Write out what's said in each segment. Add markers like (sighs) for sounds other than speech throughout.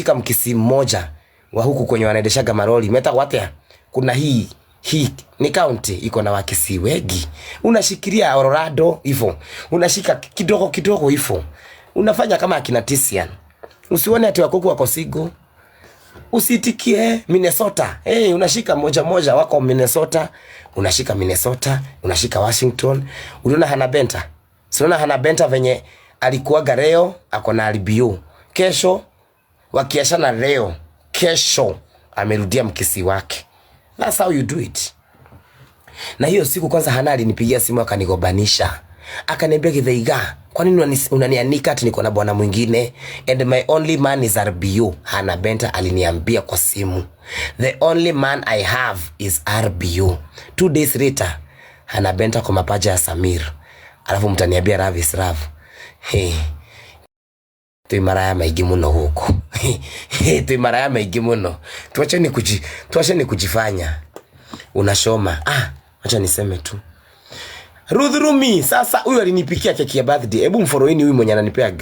Shika mkisi mmoja wa huku kwenye wanaendeshaga maroli. Meta watea. Kuna hii hii ni kaunti iko na wakisi wengi. Unashikilia Colorado hivyo. Unashika kidogo kidogo hivyo. Unafanya kama akina Tisian. Usione ati wako wako sigo. Usitikie Minnesota. Eh, hey, unashika moja moja wako Minnesota, unashika Minnesota, unashika Washington. Uliona Hana Benta. Unaona Hana Benta venye alikuwa gareo ako na RBU. Kesho wakiachana leo, kesho amerudia mkisi wake. That's how you do it. Na hiyo siku kwanza Hana alinipigia simu akanigobanisha akaniambia, Githaiga, kwa nini unanianika ati niko na bwana mwingine? And my only man is RBU. Hana Benta aliniambia kwa simu, the only man I have is RBU. Two days later Hana Benta kwa mapaja ya Samir, alafu mtaniambia Ravis Rav. Hey twĩ maraya maingĩ mũno gũkũ twĩ maraya maingĩ muno tuache ni, kuji, tuache ni kujifanya unashoma ah, acha niseme tu Ruth Rumi sasa huyu alinipikia keki ya birthday hebu mforoini huyu mwenye ananipea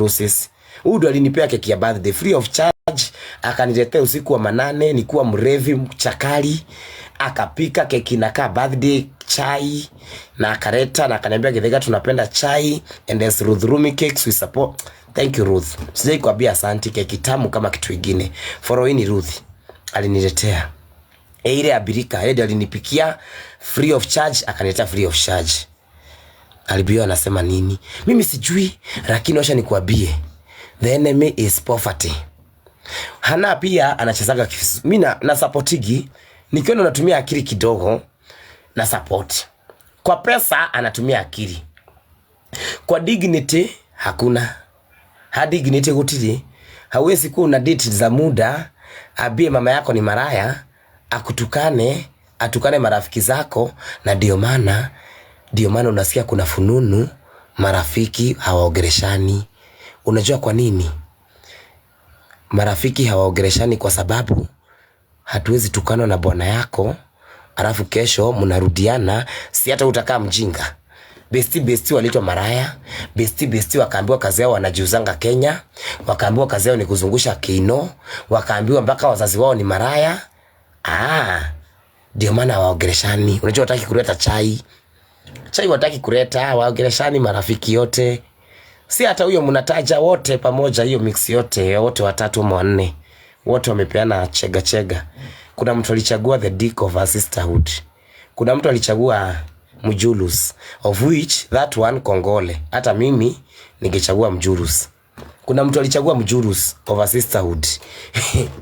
roses huyu ndo alinipea keki ya birthday free of charge akaniletea usiku wa manane nikuwa mrevi mchakali akapika keki na inakaa birthday chai na akareta na akaniambia, Githaiga, tunapenda chai and as Ruth Rumi cakes we support. Thank you Ruth, sijai kuambia asante, keki tamu kama kitu kingine. ni Ruth aliniletea e ile abirika, yeye ndiye alinipikia free of charge, akaniletea free of charge. Alibio anasema nini? Mimi sijui, lakini washa nikuambie, the enemy is poverty. Hana pia anachezaga kifisu, mimi na, na supportigi Nikiona unatumia akili kidogo na support. Kwa pesa anatumia akili. Kwa dignity hakuna. Ha dignity gutiri. Hawezi kuwa na date za muda, abie mama yako ni maraya, akutukane, atukane marafiki zako na ndio maana ndio maana unasikia kuna fununu marafiki hawaogereshani. Unajua kwa nini? Marafiki hawaogereshani? kwa sababu hatuwezi tukana na bwana yako, alafu kesho mnarudiana, si hata utakaa mjinga. Besti besti walitwa maraya, besti besti wakaambiwa kazi yao wanajiuzanga Kenya, wakaambiwa kazi yao ni kuzungusha kino, wakaambiwa mpaka wazazi wao ni maraya. Ah, ndio maana waogereshani. Unajua wataki kuleta chai chai, wataki kuleta waogereshani, marafiki yote si hata huyo mnataja wote pamoja, hiyo mix yote wote watatu ama wanne wote wamepeana chega chega. Kuna mtu alichagua the dick of a sisterhood, kuna mtu alichagua mjulus of which that one Kongole. Hata mimi ningechagua mjulus. Kuna mtu alichagua mjulus of a sisterhood (laughs)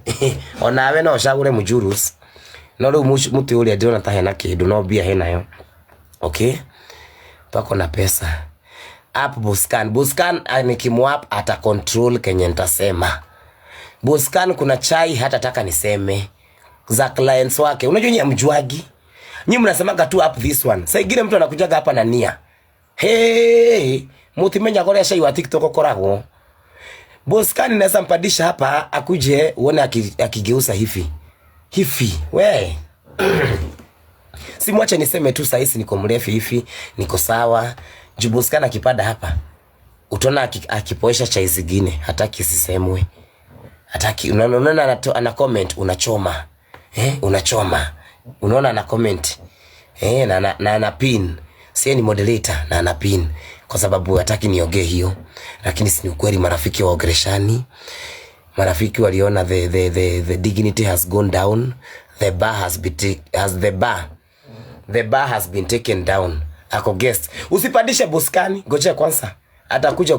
ona onawe na ushagure mjulus nore mutu uria ndirona ta hena kindu no mbia henayo okay pako na pesa up Buscan Buscan, ah, nikimwap ata control kenye ntasema Boskan kuna chai hata taka niseme za clients wake. Unajua nyinyi mjuagi. Nyinyi mnasemaga tu up this one. Sasa ingine mtu anakujaga hapa na nia. Hey, muti mutimenya kore chai wa TikTok okoragwo. Boskan naweza mpadisha hapa akuje uone akigeuza hivi. Hivi, we. (clears throat) Si mwache niseme tu saa hizi niko mrefu hivi, niko sawa. Juu akipada hapa. Utaona akipoesha chai zingine, hata kisisemwe. Hataki unaona ana comment unachoma. Eh, unachoma. Unaona ana comment. Eh, na na, na ana pin. Sie ni moderator na ana pin kwa sababu hataki niongee hiyo. Lakini si ni ukweli marafiki wa Ogreshani. Marafiki waliona the, the, the, the dignity has gone down. The bar has been has the bar. The bar has been taken down. Ako guest. Usipandishe buskani, ngoja kwanza. Atakuja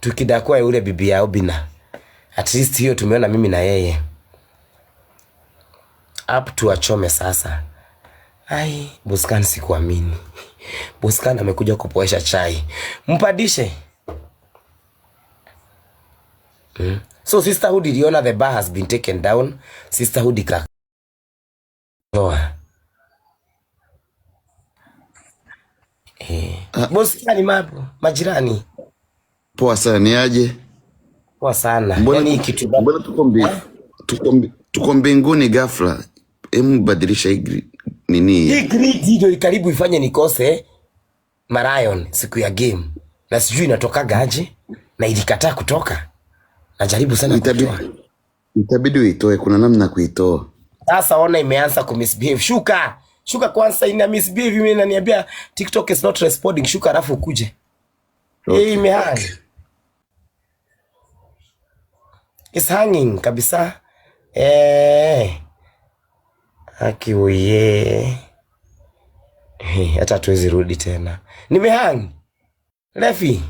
tukidakua yule bibi yao Bina. At least hiyo tumeona mimi na yeye. Up to achome sasa. Ai, Boscan sikuamini. (laughs) Boscan amekuja kupoesha chai. Mpadishe. Hmm. So sisterhood iliona the bar has been taken down. Sisterhood ikatoa. Eh. Ah. ni mapo, majirani. Poa sana ni aje? Poa sana. Mbona yaani kitu mbona tuko mbinguni? Tuko tuko mbinguni ghafla. Hebu badilisha hii nini? Hii grid hiyo, karibu ifanye nikose Marion siku ya game. Na sijui inatoka gaje na ilikataa kutoka. Najaribu sana kutoa. Itabidi uitoe, kuna namna ya kuitoa. Sasa ona imeanza ku misbehave. Shuka. Shuka kwanza ina misbehave mimi inaniambia TikTok is not responding. Shuka alafu ukuje. Okay. Hey, imehang. It's hanging kabisa. Eh. Haki uye. (laughs) Hata tuwezi rudi tena. Nimehang. Refi.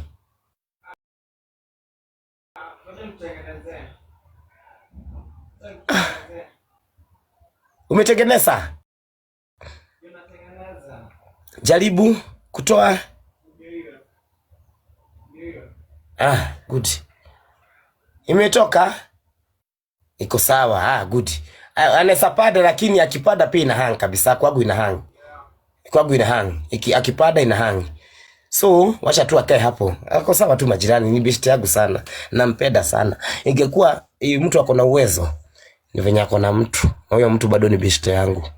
Ah. Umetengeneza? Jaribu kutoa. Ah, good imetoka iko sawa. Ah, good. Anaweza pada, lakini akipada pia ina hang kabisa. Kwangu ina hang, kwangu ina hang, Iki, akipada ina hang. So wacha tu akae hapo, ako sawa tu. Majirani ni best yangu sana, nampenda sana. Ingekuwa hii mtu akona uwezo, ni venye ako na mtu huyo mtu bado ni best yangu.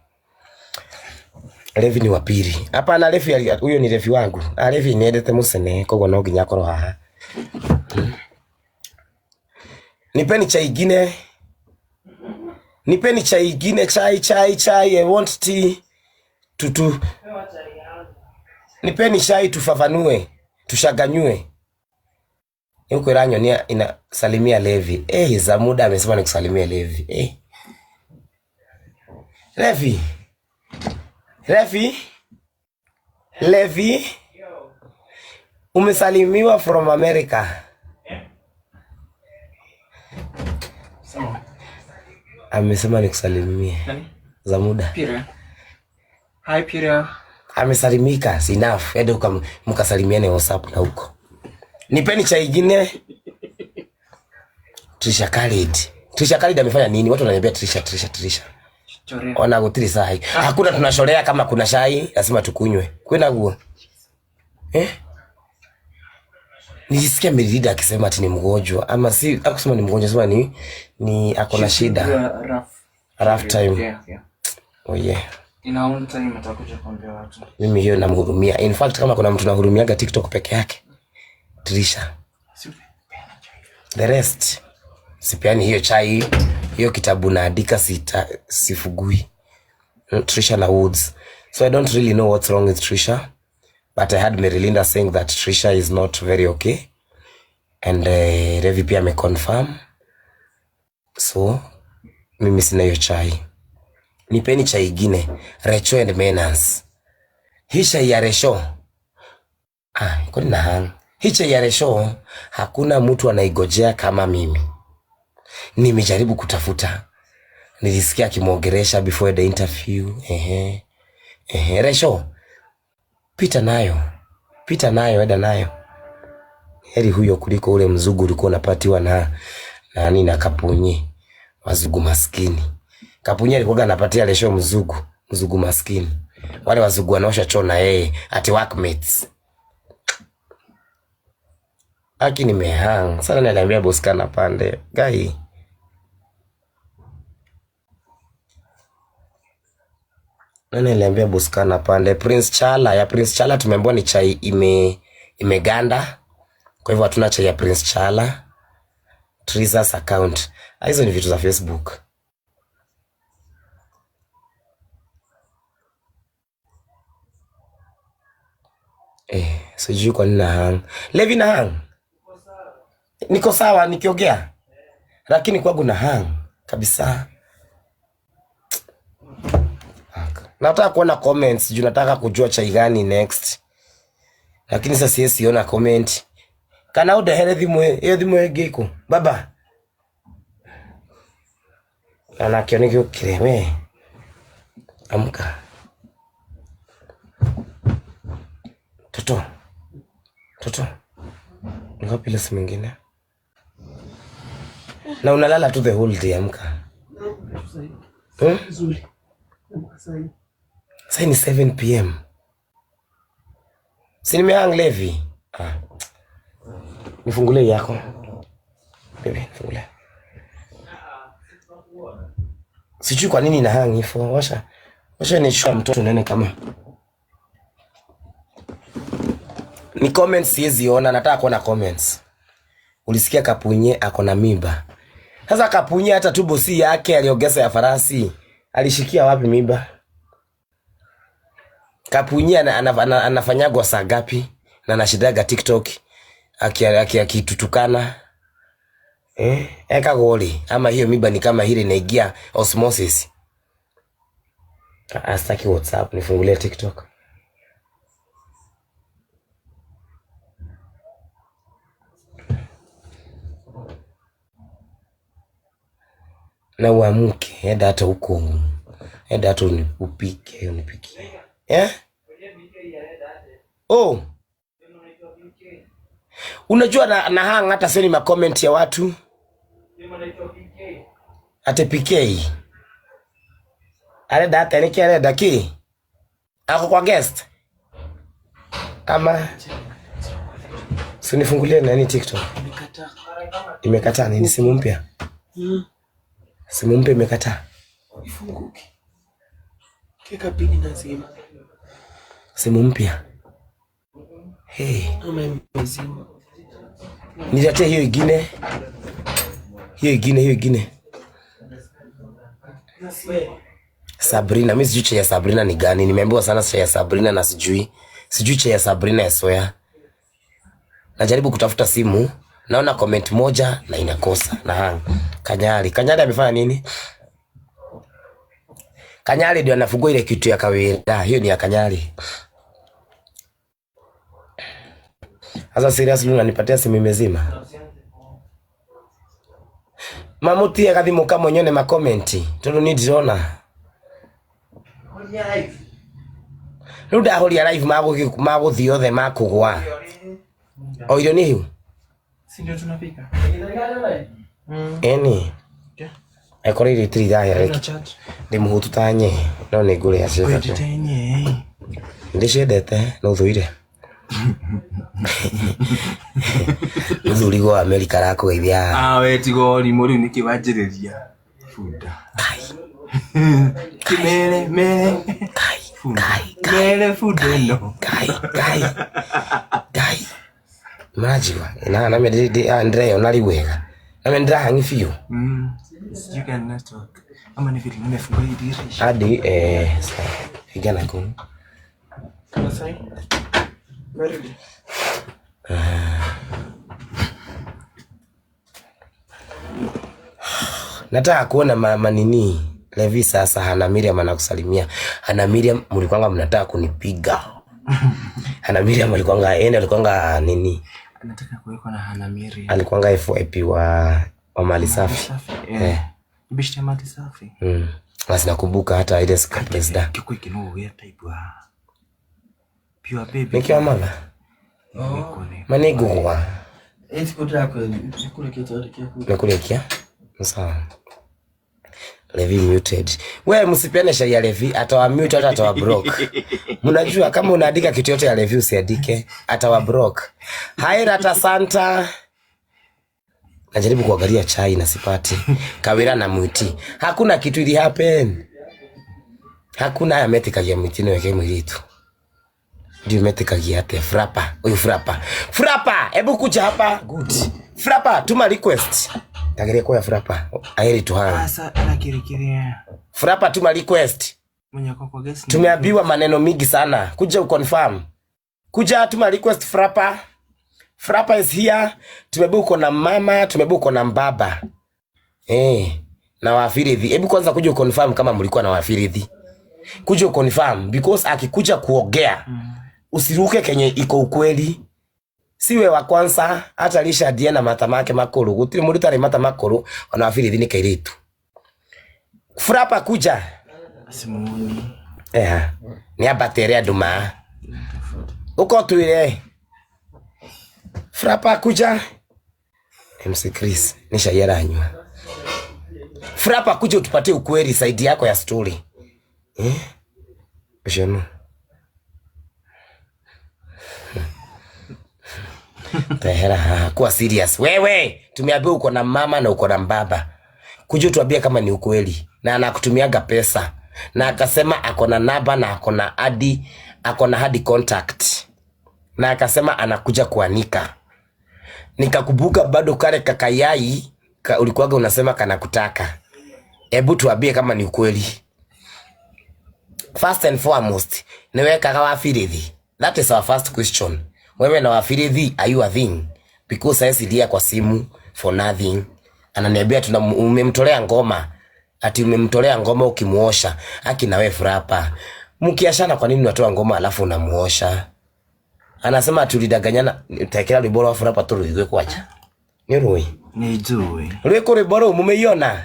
Levi ni wa pili hapa na Levi, huyo ni Levi wangu. Ah, Levi ni edete musene kwa no ginya koro haha hmm. Nipeni chai ingine. Nipeni chai ingine, chai chai chai, I want tea. Tutu. Nipeni chai tufafanue, tushaganyue. Yuko ranyo ni inasalimia Levi. Eh, za muda amesema nikusalimia Levi. Eh. Levi. Levi. Levi. Umesalimiwa from America. Amesema nikusalimie za muda. Hi, Pira. Amesalimika sinaf ende yaani mkasalimiane WhatsApp na huko. Nipeni chai ingine. Trisha Khalid. Trisha Khalid amefanya nini? Watu wananiambia Trisha, Trisha, Trisha. Ona gutiri sahi. Ah. Hakuna tunashorea kama kuna shai, lazima tukunywe. Kwenda huo. Eh? Nilisikia Melida akisema ati ni mgonjwa ama si akusema ni mgonjwa, sema ni ni ako na shida rough, rough time. Yeah, yeah. Oh yeah. Mimi hiyo namhurumia. In fact kama kuna mtu nahurumiaga TikTok peke yake Trisha, the rest sipiani hiyo chai, hiyo kitabu naandika sita sifugui Trisha na Woods, so I don't really know what's wrong with Trisha but I had Merilinda saying that Trisha is not very okay and uh, Revi pia ameconfirm, so mimi sina hiyo chai. Nipeni chai ingine, Recho and Menance. Hii chai ya Recho ah, kuni na hang. Hii chai ya Recho hakuna mtu anaigojea kama mimi. Nimejaribu kutafuta, nilisikia akimwongeresha before the interview. Ehe, ehe, Recho Pita nayo, pita nayo, eda nayo. Heri huyo kuliko ule mzugu ulikuwa unapatiwa na nani na kapunye Wazugu maskini. kapunye alikuwa anapatia lesho mzugu, mzugu maskini. Wale wazugu wanaosha choo na yeye at workmates. Aki nimehang. Sana niliambia boss kana pande. Gai. Nani aliambia Buskana pande? Prince Chala. Ya Prince Chala tumeambiwa ni chai ime imeganda. Kwa hivyo hatuna chai ya Prince Chala. Trisa's account. Ah, hizo ni vitu za Facebook. Eh, sijui kwa nini na hang. Levi na hang. Niko sawa nikiongea. Lakini kwa guna hang kabisa. Nataka kuona comments juu nataka kujua chai gani next. Lakini sasa siwezi siona comment. Kana uda hele thimu hiyo thimu yake iko. Baba. Ana kioni kio kireme. Amka. Toto. Toto. Ngapi lesi mingine? Na unalala tu the whole day amka. Hmm? Nzuri. Amka sasa. Sasa ni 7 pm. Si nimeang levi. Ah. Nifungulie yako. Bebe, nifungulie. Sijui kwa nini na hang hivyo. Washa. Washa ni shua mtoto nene kama. Ni comments siwezi ona, nataka kuona comments. Ulisikia Kapunye ako na mimba. Sasa Kapunye hata tu bosi yake aliogesa ya farasi. Alishikia wapi mimba? kapunyi anafanyagwa saa gapi Na nashidaga TikTok akitutukana eh, eka eh, goli ama hiyo miba ni kama hili naigia osmosis. Astaki ah, WhatsApp, nifungulie TikTok. Na uamuke, enda hata huko, enda hata unipike unipikie yeah? Oh. Unajua na, na hang hata sioni makomenti ya watu ate PK arenda ateniki ki ako kwa guest ama sinifungulie nani TikTok imekataa nini simu mpya hmm. simu mpya imekataa Kika pini na zima. Simu mpya. Hey. Amemzima. Nijatie hiyo ingine. Hiyo ingine, hiyo ingine. Sabrina, mimi sijui cha Sabrina ni gani? Nimeambiwa sana cha Sabrina na sijui. Sijui cha Sabrina ya soya. Najaribu kutafuta simu, naona comment moja na inakosa. Na hang. Kanyari, Kanyari amefanya nini? Kanyali ndio anafungua ile kitu ya kawaida. Hiyo ni ya Kanyali. Sasa serious ndio unanipatia simu imezima. Mamuti ya kadhimu kama mwenyewe makomenti comment. ni need riu ndahoria live live mago mago maguthii othe makugwa o irio ni hiu eni Ekore ile tiri daya må Ndimuhutu ta nye no ni ngure acio. Ndiciendete no thuire. Muthuri wa Amerika rakugeithia. Ah we tigo ni muri ni kiwanjiriria. Funda. Kai. Kimere mere. Kai. Kai. Mere funda no. Kai. Kai. Kai. Majiwa. Na hadi eh, (sighs) nataka kuona mama nini Levi sasa hana Miriam anakusalimia. Hana Miriam mlikwanga mnataka kunipiga. (laughs) Hana Miriam alikwanga ende alikwanga nini? Alikwanga FYP wa wa mali safi eh, eh. mali Basi mm. nakumbuka hata ile scrapless kiko ikino nikiwa mama oh nikulekia eh, sawa Levi muted. We msipiane shai ya Levi, atawa mute hata atawa block. (laughs) Mnajua kama unaandika kitu yote ya Levi usiandike, atawa block. Haira hata Santa. Kajaribu kuangalia chai na sipati. (laughs) Kawira na mwiti. Hakuna kitu ili happen. Hakuna ya mete kagia mwiti ni wekei mwili tu. Ndiyo mete kagia ate. Frapa. Uyu frapa. Frapa! Ebu kuja hapa. Good. Frapa, tuma request. kagiria kwa ya frapa. Aheri tu hana. Asa, anakirikiria. Frapa, tuma request. mwenye kwa guest, Tumeambiwa maneno mingi sana. Kuja uconfirm. Kuja tuma request frapa. Frapa is here. Tumebuko na mama, tumebuko na mbaba. Eh, na wafirithi. Hebu kwanza kuja confirm kama mlikuwa na wafirithi. Kuja confirm because akikuja kuogea. Mm. Usiruke kenye iko ukweli. Siwe wa kwanza hata lisha die na mata make makuru. Gutire muri tare mata makuru ona Wafiridhi ni kairitu. Frapa kuja. Simoni. Eh. Ni abateria duma. Uko tuire. Frapa kuja. MC Chris, nisha yera anywa. Frapa kuja utupatie ukweli saidi yako ya story. Eh? ushono Tahera, kuwa serious. Wewe, tumeambiwa uko na mama na uko na baba. Kuja tuambie kama ni ukweli na anakutumiaga pesa. Na akasema ako na namba na ako na hadi ako na hadi contact na akasema anakuja kuanika. Nikakumbuka bado kale kaka yai ka ulikuwaga unasema kanakutaka. Hebu tuambie kama ni ukweli. First and foremost, ni wewe kaka wa Firithi. That is our first question. Wewe na wa Firithi are you a thing? Because I see kwa simu for nothing. Ananiambia tuna umemtolea ngoma. Ati umemtolea ngoma ukimuosha. Aki na wewe furapa. Mkiashana kwa nini unatoa ngoma alafu unamuosha? anasema tulidaganyana tekera rwimbo rwa fura pato rwigwe kwacha ni rui ni jui rwiko rwimbo ruu mumeiona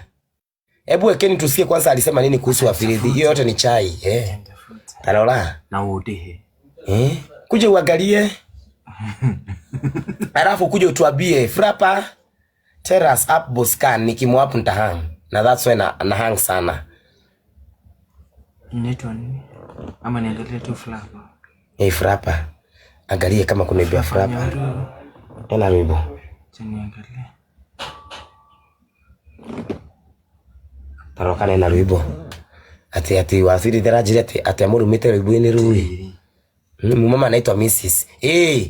hebu ekeni tusikie kwanza alisema nini kuhusu wafilithi hiyo yote ni chai eh tarora na udihe eh kuje uangalie (laughs) alafu kuje utuambie frapa teras up boskan hapo ntahang na that's why na, na hang sana inaitwa nini ama niangalie tu frapa eh hey, frapa angalie kama kuna biafra hapa. Tena mimbo. Tarokana na rwimbo. Ati ati wasiri therajire ati ati amuru mite rwimbo ini rui. Hmm, mumama anaitwa Mrs. Hey,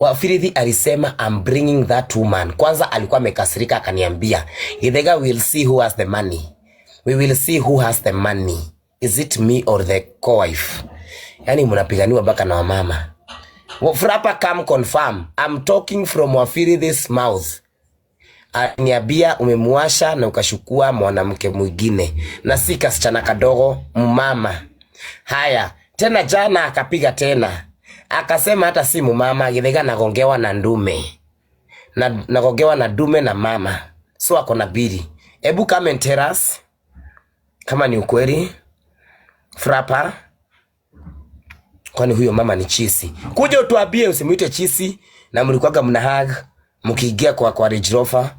Wafiridhi alisema I'm bringing that woman. Kwanza alikuwa amekasirika akaniambia, Githega will see who has the money. We will see who has the money. Is it me or the co-wife? Yaani mnapiganiwa mpaka na wamama. Frapa come confirm. I'm talking from Wafiri this mouth. Niambia umemuasha na ukashukua mwanamke mwingine na si kasichana kadogo mumama. Haya, tena jana akapiga tena. Akasema hata si mumama githega nagongewa na ndume. Na nagongewa na ndume na mama. So ako na bili. Ebu comment tell us kama ni ukweli. Frapa kwani huyo mama ni chisi. Kuja utuambie usimuite chisi na mlikuwaga mnahaga mkiingia kwa kwa Range Rover.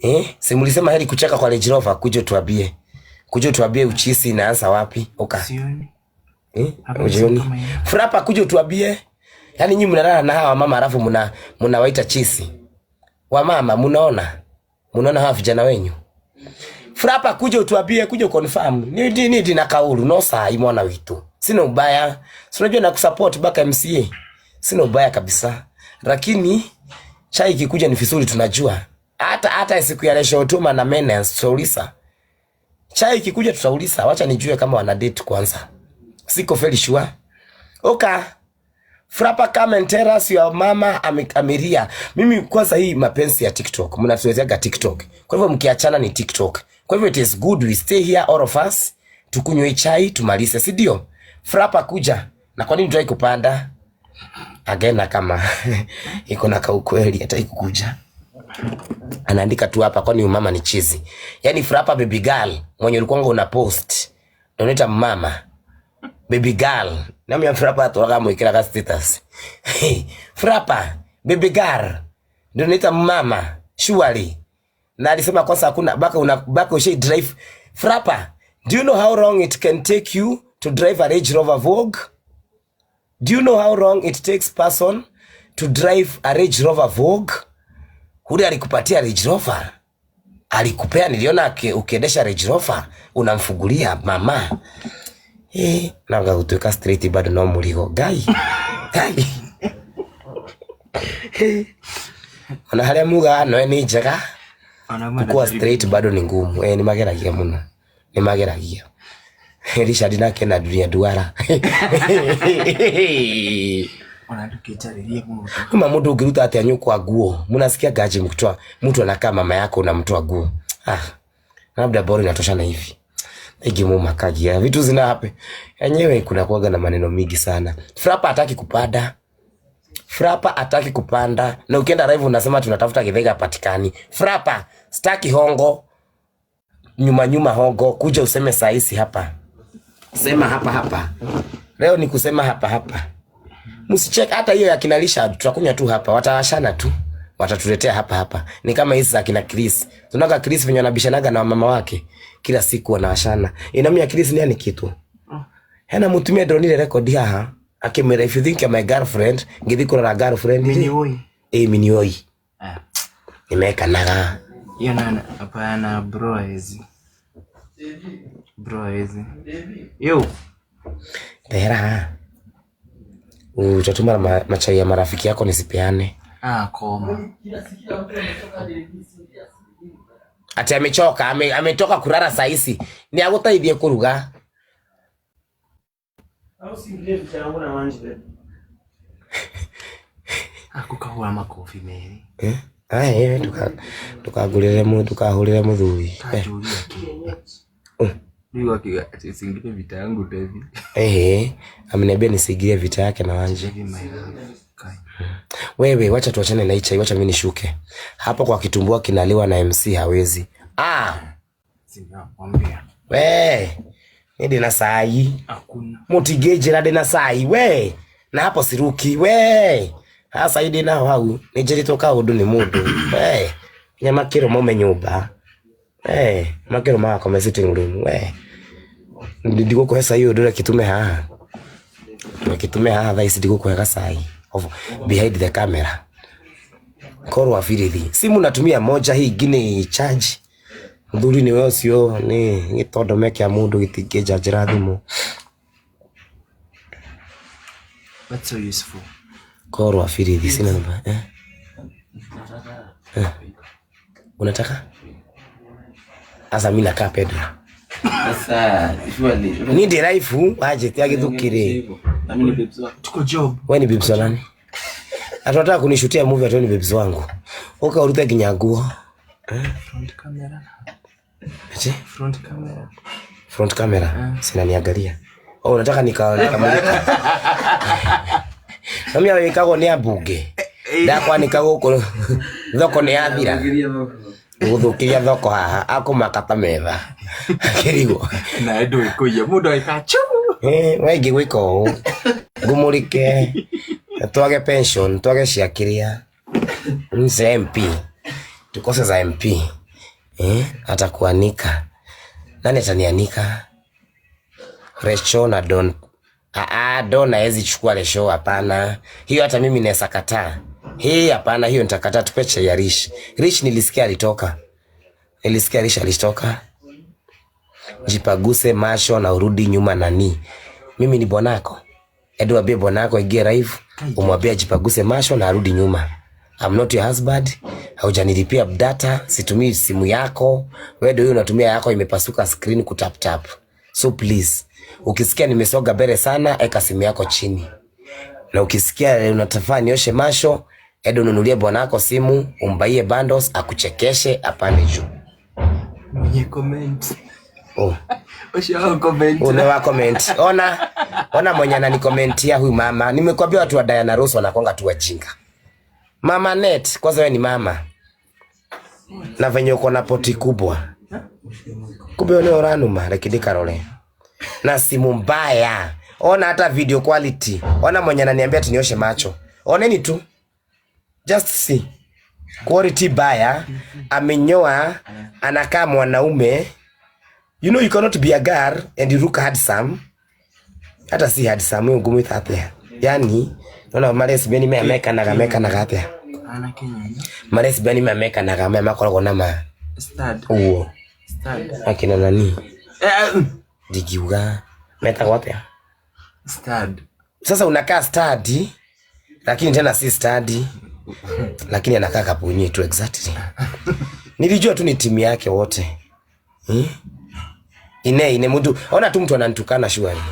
Eh? Si mlisema heri kucheka kwa Range Rover, kuja utuambie. Kuja utuambie uchisi inaanza wapi? Oka. Sioni. Eh? Ujioni. Frapa kuja utuambie. yani nyinyi mnalala na hawa mama alafu mna mnawaita chisi. wa mama, mnaona? Mnaona hawa vijana wenyu? Frapa kuja utuambie, kuja confirm. Ni nini na kauru no saa imona witu. Sina ubaya. Si unajua nakusupport baka MCA. Sina ubaya kabisa. Lakini chai ikikuja ni vizuri tunajua. Hata hata siku ya Resha Otoma na Menes tutauliza. Chai ikikuja tutauliza. Wacha nijue kama wana date kwanza. Siko very sure. Oka. Frapa comment tell us your mama amekamilia. Mimi kwanza hii mapenzi ya TikTok. Mnatuwezega TikTok. Kwa hivyo mkiachana ni TikTok. Kwa hivyo it is good we stay here all of us. Tukunywe chai tumalize, si ndio? Frapa kuja. Na kwa nini utaki kupanda? Agena kama (laughs) iko na kaukweli hata ikukuja. Anaandika tu hapa kwani mama ni chizi. yani Frapa baby girl mwenye ulikuwa una post. Unaita mama. Baby girl. Nami ya Frapa atoka mwekera ka status. (laughs) Frapa baby girl. Ndio unaita mama. Surely. Na alisema kwanza hakuna baka una baka ushai drive. Frapa, do you know how long it can take you to drive a Range Rover Vogue? Do you know how long it takes person to drive a Range Rover Vogue? Huyu alikupatia Range Rover. Alikupea, niliona ukiendesha Range Rover unamfugulia mama. Eh, na ngautuka straight bado na muligo. Gai. Gai. Ona hali muga no ni njega. Kuwa straight bado ni ngumu. Eh, ni mageragia muno. Ni mageragia. Richard nake na dunia duara kama mundu ungiruta atia nyukwa nguo munasikia gaji mkutwa mtu anakaa mama yako na mtu nguo ah, labda bora na hivi makagi ya vitu zina hapa. enyewe kuna kuaga na maneno mingi sana frapa hataki kupanda frapa hataki kupanda na ukienda raivu unasema tunatafuta githega patikani frapa staki hongo Nyuma nyuma hongo kuja useme saisi hapa sema hapa hapa. Leo ni kusema hapa hapa. Msicheke hata hiyo ya kinalisha, tutakunywa tu hapa, watawashana tu. Watatuletea hapa hapa. Ni kama hizi za kina Chris. Tunaka Chris venye wanabishanaga na mama wake. Kila siku wanawashana. Inamu ya Chris ni ani kitu. Hena mutumia drone ile record haha. Akimwambia if you think you're my girlfriend, ngidhi kuna na girlfriend. Mini oi. Eh, mini oi. Ah. Eh. Nimeka naga. Yona hapana bro hizi. Dera. Utatuma machai ya marafiki yako nisipeane. Ah, koma. Ati amechoka, ame, ametoka kurara saa hizi. Ni agutaithie kuruga. (laughs) Akukahura makofi meri. Eh? tukagurire tukahurire muthuri. Singile vita yangu David. Eh, ameniambia nisigilie vita yake na Wanji. Wewe wacha tuachane na ichai, wacha mimi nishuke hapa. Kwa kitumbua kinaliwa na MC hawezi. Ah, sinakwambia we nende na sai, hakuna na dena sai we na hapo siruki we hasa ide na wau nijeri toka udu ni mudu (clears throat) we nyama kiro mume nyumba Eh, makero ma me sitting room. Eh. Ndigo kwa sasa hiyo dola kitume ha. haha. Kitume ha haha thaisi ndigo kwa sai. Of behind the camera. Koro afirithi. Simu natumia moja hii gine charge. Ndhuri ni wewe sio ni gitondo meke ya mundu charge njira thimu. That's so useful. Koro afirithi sina namba. Eh? eh. Unataka? Eh. Asa mimi nakaa Pedro. Sasa surely. Ni de deraifu aje tiage tukire. Na mimi ni bibzo. Tuko job. Wewe ni bibzo nani? Atataka kunishutia movie atoni bibzo wangu. Oka urute kinyaguo. Eh, front camera. Aje? Front camera. Front camera. Eh. Sina niangalia. Oh, nataka nika, kama nika. (laughs) Mimi awe awekago ni abuge. Eh, kwa nikago huko. (laughs) Thoko ni athira guthukiria thoko haha akumaka ta metha akirigwo na ndu ikuya mundu aika chu we ngi gwika uu ngumurike twage pension twage cia kiria mse mp tukose za mp eh? atakuanika nani atanianika resho na don aa don aezi chukua resho hapana hiyo hata mimi naweza kataa hii hapana, hiyo nitakataa. Tupe cha ya Rish. Rish nilisikia alitoka, nilisikia Rish alitoka. Jipaguse masho na urudi nyuma. Nani mimi? Ni bwanako Edu, wabie bwanako igie live, Umwabia jipaguse masho na arudi nyuma. I'm not your husband, haujanilipia data, Situmi simu yako Wedo ndio unatumia yako, imepasuka screen kutap tap. So please, ukisikia nimesoga bere sana, eka simu yako chini, na ukisikia unatafaa nioshe masho, Edu, ununulie bwanako simu, umbaie bundles, akuchekeshe, apande juu. Mwenye comment. Oh. (laughs) Umewa comment. Ona, ona mwenye ananikomentia huyu mama. Nimekwambia watu wa Diana Rose wanakonga tu wajinga. Mama Net, kwanza wewe ni mama. Na venye uko na poti kubwa. Kumbe wewe oranuma lakini karole. Na simu mbaya. Ona hata video quality. Ona mwenye ananiambia tunioshe macho. Oneni tu. Just see. Quality buyer amenyoa, anakaa mwanaume. You know you cannot be a girl and you look handsome. Hata si handsome wewe ngumu itapea. Yani naona mares beni me ameka na gameka na gatea. Ana Kenya. Eh? Mares beni me ameka na gameka kwa kona ma. Stud. Uo. Stud. Akina nani? Eh. eh mm. Digiuga. Meta wapi? Stud. Sasa unakaa stud lakini tena si stud lakini anakaa kapunyi tu exactly. Nilijua tu ni timu yake wote hmm? Ine ine mtu ona tu mtu ananitukana shwari (laughs)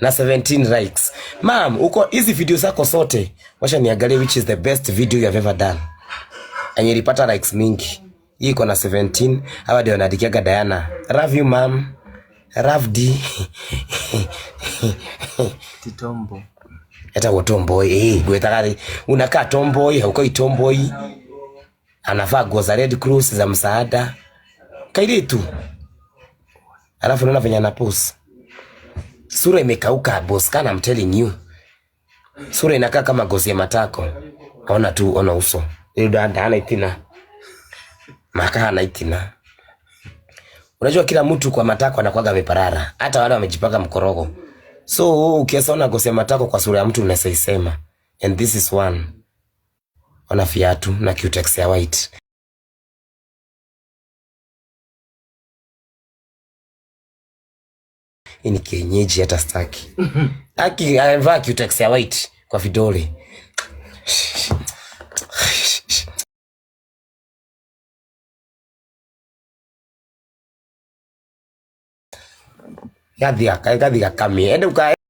na 17 likes. Mam, uko hizi video zako sote, wacha niangalie which is the best video you have ever done. Yenye ilipata likes mingi. Hii iko na 17. Hawa ndio wanadikiaga Diana. Love you mam. Love D. (laughs) Titombo etagwo tomboy ngwetaga hey, unaka tomboy haukoi tomboy anavaa nguo za Red Cross za msaada kairitu, alafu naona venye anapose sura imekauka boss, kana I'm telling you, sura inakaa kama gozi ya matako. Ona tu ona uso ana itina maka ana itina. Unajua kila mtu kwa matako anakuwaga ameparara, hata wale wamejipaka mkorogo So ukiona kusema tako kwa sura ya mtu unaweza isema, and this is one. Ona fiatu na cutex ya white. Ini kienyeji hata staki. (laughs) Aki amevaa cutex ya white kwa vidole. gathigakami ende ukae